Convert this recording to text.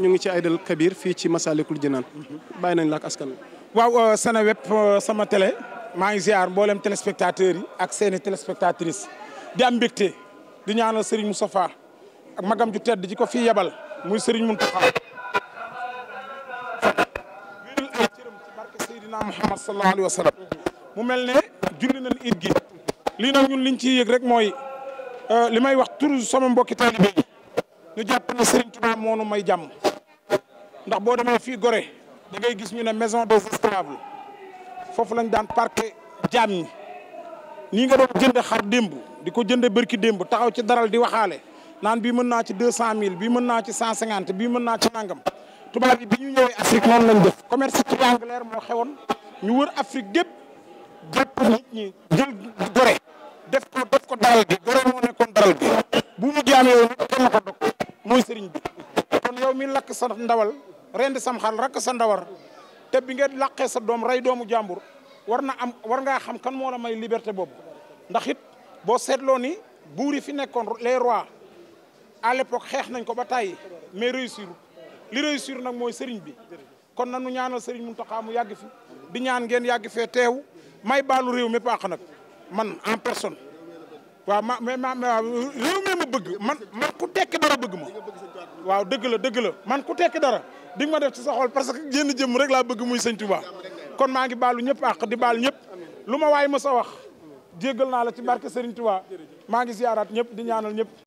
ñu ngi ci Aïdal Kabir fii ci Massalikul Jinaan bàyyi nañ la ak askan waaw euh, sana web euh, sama tele maa ngi ziar mboolem téléspectateurs yi ak seeni téléspectatrices di am mbégte di ñaanal Serigne Moustapha ak magam ju tedd ji ko fii yebal muy Serigne Mountakha wérul ay cëram mu mel ne julli nañ it gi lii nag ñun liñ ci yëg rek mooy euh, li may wax toujours sama mbokki taalibe ñu jàpp ne Serigne Touba moo nu may jàmm ndax boo demee fii gore da ngay gis ñu ne maison des esclaves foofu lañ daan parqué jaam ñi nii nga doon jënd xar démb di ko jënd bërki démb taxaw ci daral di waxaale naan bii mën naa ci deux cent mille bii mën naa ci cent cinquante bii mën naa ci nangam tubaab yi bi ñu ñëwee Afrique noonu nañ def commerce triangulaire moo xewoon ñu wër Afrique gépp jàpp nit ñi jël def ko def ko daral bi Gorée moo nekkoon daral bi bu mu jaam yow nit kenn ko dog mooy sëriñ bi kon yow mi lakk sa ndawal rendi sam xar rakk sa ndawar te bi nga làqee sa doom rey doomu jàmbur war na am war ngaa xam kan moo la may liberté boobu ndax it boo seetloo ni buur yi fi nekkoon les rois à l'époque xeex nañ ko ba tàyyi mais réussir li réussir nag mooy sëriñ bi kon nanu ñaanal sëriñ Mountakha mu yàgg fi di ñaan ngeen yàgg fee teew may baalu réew mi paax nag man en personne waaw ma mais ma réew mi ma bëgg man man ku tekki dara bëgg ma waaw dëgg la dëgg la man ku tekki dara di ma def ci sa parce que génn jëm rek laa bëgg muy sëñ Touba kon maa ngi baalu ñëpp àq di baal ñëpp lu ma waay ma sa wax jéggal naa la ci barke Serigne Touba maa ngi ziaraat ñëpp di ñaanal ñëpp